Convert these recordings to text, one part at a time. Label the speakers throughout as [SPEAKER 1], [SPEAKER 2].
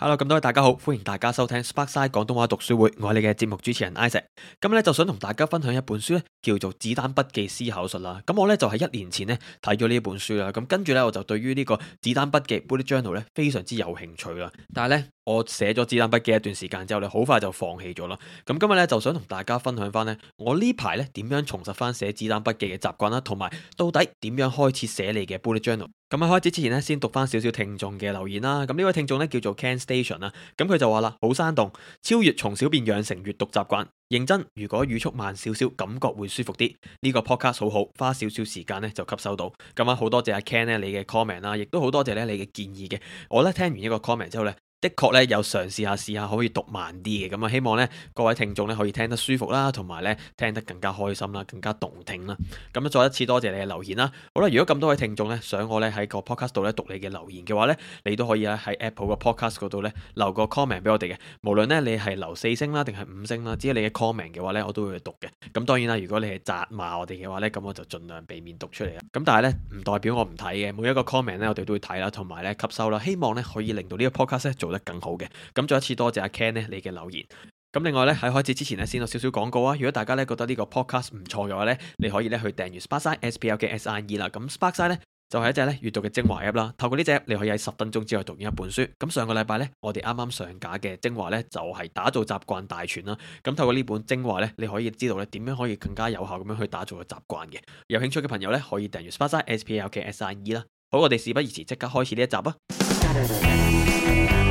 [SPEAKER 1] Hello 咁多位大家好，歡迎大家收聽 Sparkside 廣東話讀書會，我係你嘅節目主持人 Isaac，咁咧就想同大家分享一本書咧，叫做《子彈筆記思考術》啦。咁我咧就喺一年前咧睇咗呢一本書啦，咁跟住咧我就對於呢個子筆《子彈筆記 Bullet Journal》咧非常之有興趣啦，但係咧。我寫咗子彈筆記一段時間之後咧，好快就放棄咗啦。咁今日咧就想同大家分享翻呢，我呢排咧點樣重拾翻寫子彈筆記嘅習慣啦，同埋到底點樣開始寫你嘅 bullet journal。咁喺開始之前呢，先讀翻少少聽眾嘅留言啦。咁呢位聽眾咧叫做 Ken Station 啦，咁佢就話啦，好生動，超越從小便養成閱讀習慣，認真。如果語速慢少少，感覺會舒服啲。呢、呢個 podcast 好好，花少少時間咧就吸收到。咁啊，好多謝阿 Ken 咧你嘅 comment 啦，亦都好多謝咧你嘅建議嘅。我咧聽完呢個 comment 之後咧。的確咧，有嘗試下試下可以讀慢啲嘅，咁啊，希望咧各位聽眾咧可以聽得舒服啦，同埋咧聽得更加開心啦，更加動聽啦。咁啊，再一次多謝你嘅留言啦。好啦，如果咁多位聽眾咧想我咧喺個 podcast 度咧讀你嘅留言嘅話咧，你都可以咧喺 Apple 嘅 podcast 度咧留個 comment 俾我哋嘅。無論咧你係留四星啦，定係五星啦，只要你嘅 comment 嘅話咧，我都會去讀嘅。咁當然啦，如果你係責罵我哋嘅話咧，咁我就盡量避免讀出嚟啦。咁但係咧唔代表我唔睇嘅，每一個 comment 咧我哋都會睇啦，同埋咧吸收啦。希望咧可以令到呢個 podcast 咧更好嘅，咁再一次多謝阿 Ken 呢，你嘅留言。咁另外呢，喺開始之前呢，先有少少廣告啊。如果大家呢覺得呢個 podcast 唔錯嘅話呢，你可以呢去訂閱 s p a s i d e S P L 嘅 S R e 啦。咁 s p a r s i d e 呢就係、是、一隻呢閱讀嘅精華 app 啦。透過呢隻 app，你可以喺十分鐘之內讀完一本書。咁上個禮拜呢，我哋啱啱上架嘅精華呢就係、是、打造習慣大全啦。咁透過呢本精華呢，你可以知道呢點樣可以更加有效咁樣去打造個習慣嘅。有興趣嘅朋友呢，可以訂閱 s p a s i d e S P L 嘅 S R e 啦。好，我哋事不宜遲，即刻開始呢一集啊！Hey,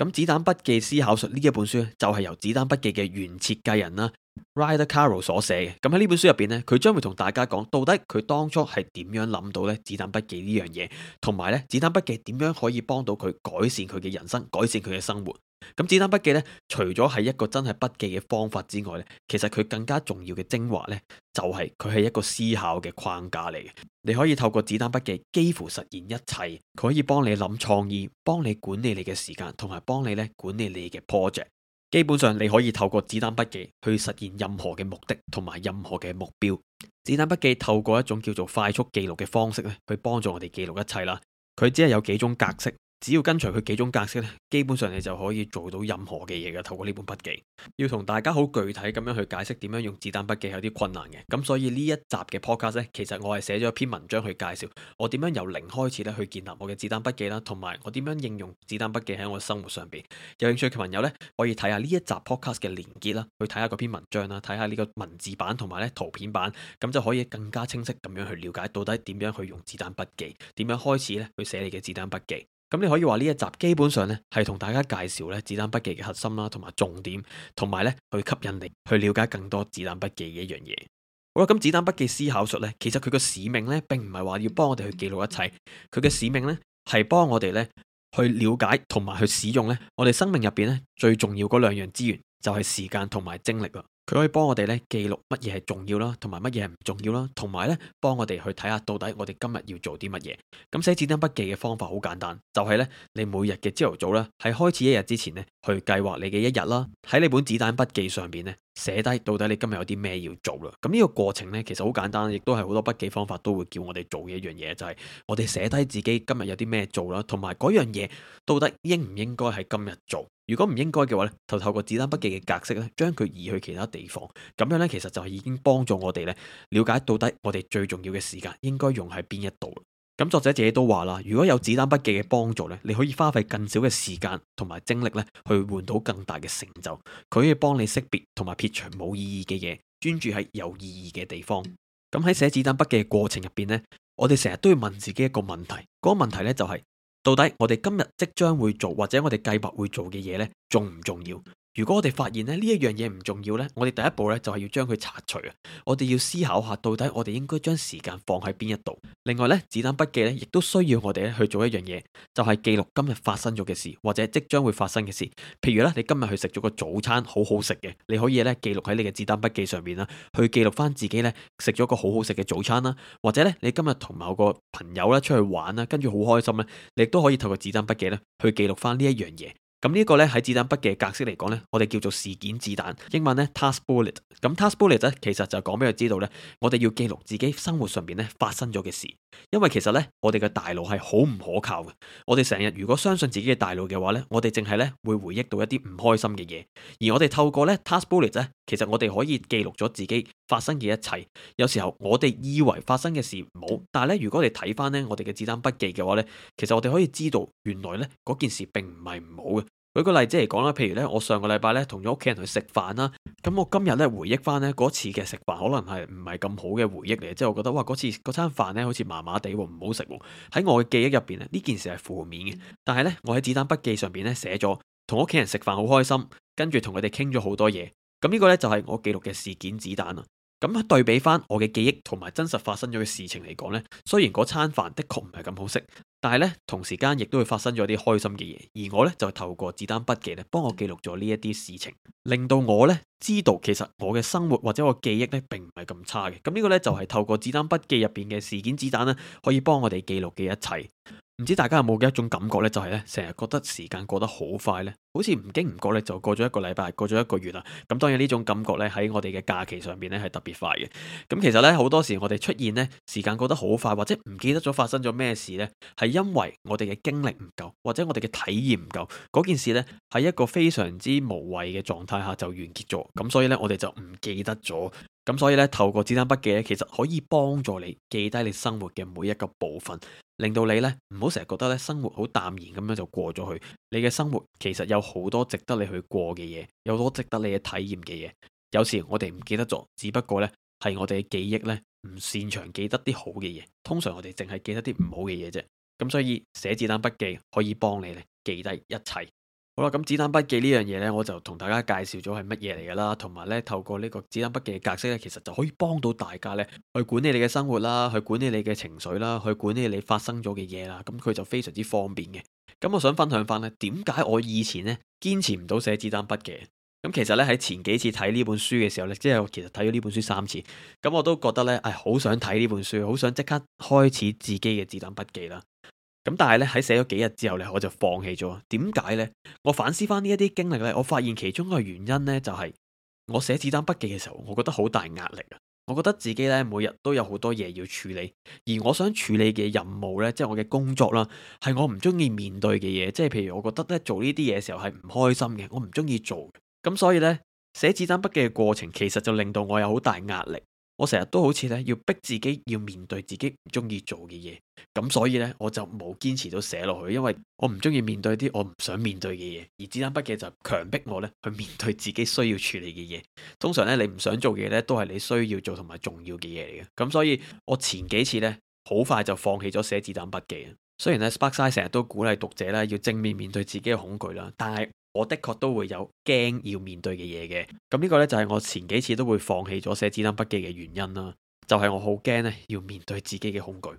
[SPEAKER 1] 咁《子彈筆記思考術》呢一本書就係由《子彈筆記》嘅原設計人啦，Rider Carroll 所寫嘅。咁喺呢本書入邊咧，佢將會同大家講到底佢當初係點樣諗到咧《子彈筆記》呢樣嘢，同埋咧《子彈筆記》點樣可以幫到佢改善佢嘅人生，改善佢嘅生活。咁子彈筆記咧，除咗係一個真係筆記嘅方法之外咧，其實佢更加重要嘅精華咧，就係佢係一個思考嘅框架嚟嘅。你可以透過子彈筆記幾乎實現一切，佢可以幫你諗創意，幫你管理你嘅時間，同埋幫你咧管理你嘅 project。基本上你可以透過子彈筆記去實現任何嘅目的同埋任何嘅目標。子彈筆記透過一種叫做快速記錄嘅方式咧，去幫助我哋記錄一切啦。佢只係有幾種格式。只要跟隨佢幾種格式咧，基本上你就可以做到任何嘅嘢噶。透過呢本筆記，要同大家好具體咁樣去解釋點樣用子彈筆記係有啲困難嘅，咁所以呢一集嘅 podcast 咧，其實我係寫咗一篇文章去介紹我點樣由零開始咧去建立我嘅子彈筆記啦，同埋我點樣應用子彈筆記喺我生活上邊。有興趣嘅朋友咧，可以睇下呢一集 podcast 嘅連結啦，去睇下嗰篇文章啦，睇下呢個文字版同埋咧圖片版，咁就可以更加清晰咁樣去了解到底點樣去用子彈筆記，點樣開始咧去寫你嘅子彈筆記。咁你可以話呢一集基本上呢係同大家介紹咧子彈筆記嘅核心啦，同埋重點，同埋咧去吸引你，去了解更多子彈筆記嘅一樣嘢。好啦，咁子彈筆記思考術呢，其實佢個使命呢並唔係話要幫我哋去記錄一切，佢嘅使命呢係幫我哋呢去了解同埋去使用呢我哋生命入邊呢最重要嗰兩樣資源，就係時間同埋精力啦。佢可以幫我哋咧記錄乜嘢係重要啦，同埋乜嘢係唔重要啦，同埋咧幫我哋去睇下到底我哋今日要做啲乜嘢。咁寫子彈筆記嘅方法好簡單，就係咧你每日嘅朝頭早啦，係開始一日之前咧去計劃你嘅一日啦。喺你本子彈筆記上邊咧寫低到底你今日有啲咩要做啦。咁呢個過程咧其實好簡單，亦都係好多筆記方法都會叫我哋做嘅一樣嘢，就係我哋寫低自己今日有啲咩做啦，同埋嗰樣嘢到底應唔應該喺今日做。如果唔應該嘅話咧，就透過子彈筆記嘅格式咧，將佢移去其他地方，咁樣咧，其實就係已經幫助我哋咧，了解到底我哋最重要嘅時間應該用喺邊一度。咁作者自己都話啦，如果有子彈筆記嘅幫助咧，你可以花費更少嘅時間同埋精力咧，去換到更大嘅成就。佢可以幫你識別同埋撇除冇意義嘅嘢，專注喺有意義嘅地方。咁喺寫子彈筆記嘅過程入邊咧，我哋成日都要問自己一個問題，嗰個問題咧就係。到底我哋今日即將會做，或者我哋計劃會做嘅嘢咧，重唔重要？如果我哋發現咧，呢一樣嘢唔重要呢，我哋第一步呢就係要將佢拆除啊！我哋要思考下，到底我哋應該將時間放喺邊一度。另外呢，子彈筆記呢亦都需要我哋去做一樣嘢，就係記錄今日發生咗嘅事或者即將會發生嘅事。譬如呢，你今日去食咗個早餐，好好食嘅，你可以呢記錄喺你嘅子彈筆記上面啦，去記錄翻自己呢食咗個好好食嘅早餐啦。或者呢，你今日同某個朋友咧出去玩啦，跟住好開心呢，你都可以透過子彈筆記咧去記錄翻呢一樣嘢。咁呢一個咧喺子彈筆記嘅格式嚟講咧，我哋叫做事件子彈，英文咧 task bullet。咁 task bullet 咧，其實就講俾佢知道咧，我哋要記錄自己生活上邊咧發生咗嘅事，因為其實咧我哋嘅大腦係好唔可靠嘅。我哋成日如果相信自己嘅大腦嘅話咧，我哋淨係咧會回憶到一啲唔開心嘅嘢，而我哋透過咧 task bullet 咧，其實我哋可以記錄咗自己，發生嘅一切，有時候我哋以為發生嘅事唔好，但係咧，如果你睇翻呢，我哋嘅子彈筆記嘅話呢，其實我哋可以知道原來呢，嗰件事並唔係唔好嘅。舉個例子嚟講啦，譬如呢，我上個禮拜呢同咗屋企人去食飯啦，咁我今日呢，回憶翻呢嗰次嘅食飯，可能係唔係咁好嘅回憶嚟，即係我覺得哇，嗰次嗰餐飯呢好似麻麻地喎，唔好食喎。喺我嘅記憶入邊咧，呢件事係負面嘅，但係呢，我喺子彈筆記上邊呢，寫咗同屋企人食飯好開心，跟住同佢哋傾咗好多嘢，咁呢個呢，就係我記錄嘅事件子彈啊。咁對比翻我嘅記憶同埋真實發生咗嘅事情嚟講呢，雖然嗰餐飯的確唔係咁好食，但係呢，同時間亦都會發生咗啲開心嘅嘢，而我呢，就透過子彈筆記呢幫我記錄咗呢一啲事情，令到我呢知道其實我嘅生活或者我記憶呢並唔係咁差嘅。咁呢個呢，就係透過子彈筆記入邊嘅事件子彈呢，可以幫我哋記錄嘅一切。唔知大家有冇嘅一種感覺呢，就係呢成日覺得時間過得好快呢，好似唔經唔覺呢就過咗一個禮拜，過咗一個月啦。咁當然呢種感覺呢，喺我哋嘅假期上面呢係特別快嘅。咁其實呢，好多時我哋出現呢時間過得好快，或者唔記得咗發生咗咩事呢，係因為我哋嘅經歷唔夠，或者我哋嘅體驗唔夠。嗰件事呢，喺一個非常之無謂嘅狀態下就完結咗，咁所以呢，我哋就唔記得咗。咁所以呢，透過子彈筆記呢，其實可以幫助你記低你生活嘅每一個部分。令到你咧，唔好成日覺得咧，生活好淡然咁樣就過咗去。你嘅生活其實有好多值得你去過嘅嘢，有好多值得你去體驗嘅嘢。有時我哋唔記得咗，只不過咧，係我哋嘅記憶咧，唔擅長記得啲好嘅嘢，通常我哋淨係記得啲唔好嘅嘢啫。咁所以寫子彈筆記可以幫你咧，記低一切。好啦，咁子彈筆記呢樣嘢呢，我就同大家介紹咗係乜嘢嚟㗎啦，同埋呢，透過呢個子彈筆記嘅格式呢，其實就可以幫到大家呢，去管理你嘅生活啦，去管理你嘅情緒啦，去管理你發生咗嘅嘢啦，咁、嗯、佢就非常之方便嘅。咁、嗯、我想分享翻，呢點解我以前呢堅持唔到寫子彈筆記？咁、嗯、其實呢，喺前幾次睇呢本書嘅時候呢，即係我其實睇咗呢本書三次，咁、嗯、我都覺得呢，唉、哎，好想睇呢本書，好想即刻開始自己嘅子彈筆記啦。咁但係咧喺寫咗幾日之後咧，我就放棄咗。點解呢？我反思翻呢一啲經歷咧，我發現其中一個原因呢，就係我寫子彈筆記嘅時候，我覺得好大壓力啊！我覺得自己呢，每日都有好多嘢要處理，而我想處理嘅任務呢、就是，即係我嘅工作啦，係我唔中意面對嘅嘢，即係譬如我覺得咧做呢啲嘢嘅時候係唔開心嘅，我唔中意做。咁所以呢，寫子彈筆記嘅過程，其實就令到我有好大壓力。我成日都好似咧要逼自己要面對自己唔中意做嘅嘢，咁所以呢，我就冇堅持到寫落去，因為我唔中意面對啲我唔想面對嘅嘢，而子彈筆記就強迫我呢去面對自己需要處理嘅嘢。通常呢，你唔想做嘅嘢呢，都係你需要做同埋重要嘅嘢嚟嘅，咁所以我前幾次呢，好快就放棄咗寫子彈筆記。雖然呢 Sparkside 成日都鼓勵讀者咧要正面面對自己嘅恐懼啦，但係。我的確都會有驚要面對嘅嘢嘅，咁呢個呢，就係我前幾次都會放棄咗寫子彈筆記嘅原因啦，就係我好驚呢，要面對自己嘅恐懼，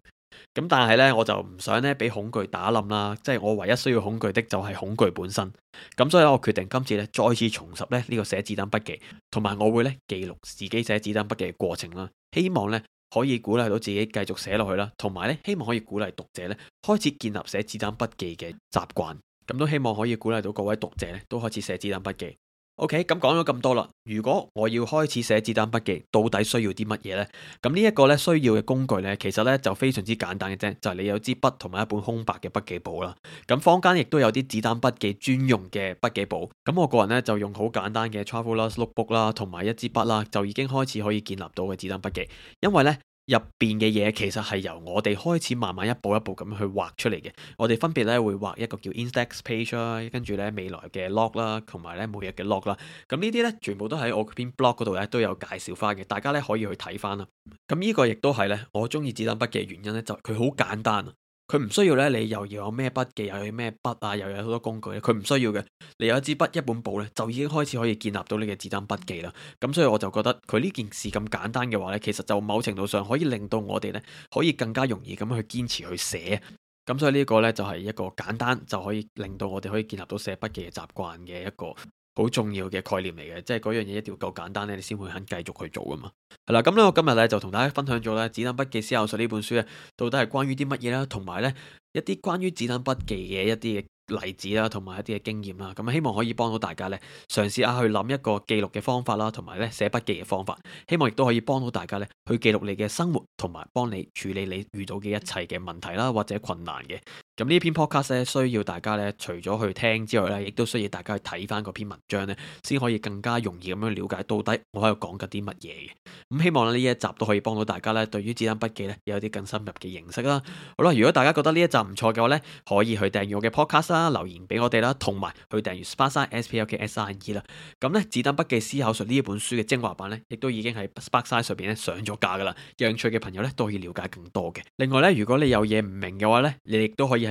[SPEAKER 1] 咁但係呢，我就唔想呢，俾恐懼打冧啦，即係我唯一需要恐懼的就係恐懼本身，咁所以我決定今次呢，再次重拾呢呢個寫子彈筆記，同埋我會呢，記錄自己寫子彈筆記嘅過程啦，希望呢，可以鼓勵到自己繼續寫落去啦，同埋呢，希望可以鼓勵讀者呢，開始建立寫子彈筆記嘅習慣。咁都希望可以鼓勵到各位讀者咧，都開始寫子彈筆記。OK，咁講咗咁多啦，如果我要開始寫子彈筆記，到底需要啲乜嘢呢？咁呢一個咧需要嘅工具咧，其實咧就非常之簡單嘅啫，就係、是、你有支筆同埋一本空白嘅筆記簿啦。咁坊間亦都有啲子彈筆記專用嘅筆記簿。咁我個人咧就用好簡單嘅 Traveler’s Notebook 啦，同埋一支筆啦，就已經開始可以建立到嘅子彈筆記，因為咧。入邊嘅嘢其實係由我哋開始慢慢一步一步咁去畫出嚟嘅。我哋分別咧會畫一個叫 index page 啦、啊，跟住咧未來嘅 log 啦、啊，同埋咧每日嘅 log 啦、啊。咁呢啲咧全部都喺我篇 blog 嗰度咧都有介紹翻嘅，大家咧可以去睇翻啦。咁呢個亦都係咧我中意子彈筆記嘅原因咧，就佢、係、好簡單佢唔需要咧，你又要有咩筆記，又有咩筆啊，又有好多工具咧。佢唔需要嘅，你有一支筆、一本簿咧，就已經開始可以建立到你嘅子彈筆記啦。咁所以我就覺得佢呢件事咁簡單嘅話咧，其實就某程度上可以令到我哋咧可以更加容易咁去堅持去寫。咁所以呢個咧就係一個簡單就可以令到我哋可以建立到寫筆記嘅習慣嘅一個好重要嘅概念嚟嘅，即係嗰樣嘢，一定要夠簡單咧，你先會肯繼續去做㗎嘛。係啦，咁咧我今日咧就同大家分享咗咧《子彈筆記思考術》呢本書咧，到底係關於啲乜嘢啦，同埋呢，一啲關於子彈筆記嘅一啲嘅例子啦，同埋一啲嘅經驗啦。咁希望可以幫到大家呢，嘗試下去諗一個記錄嘅方法啦，同埋呢寫筆記嘅方法。希望亦都可以幫到大家呢，去記錄你嘅生活，同埋幫你處理你遇到嘅一切嘅問題啦，或者困難嘅。咁呢篇 podcast 咧，需要大家咧，除咗去聽之外咧，亦都需要大家去睇翻嗰篇文章咧，先可以更加容易咁樣了解到底我喺度講緊啲乜嘢嘅。咁希望呢一集都可以幫到大家咧，對於子彈筆記咧有啲更深入嘅認識啦。好啦，如果大家覺得呢一集唔錯嘅話咧，可以去訂閱我嘅 podcast 啦，留言俾我哋啦，同埋去訂閱 SparkSine S P L S i R E 啦。咁咧《子彈筆記思考術》呢一本書嘅精華版咧，亦都已經喺 SparkSine 上邊咧上咗架㗎啦。有興趣嘅朋友咧，都可以了解更多嘅。另外咧，如果你有嘢唔明嘅話咧，你亦都可以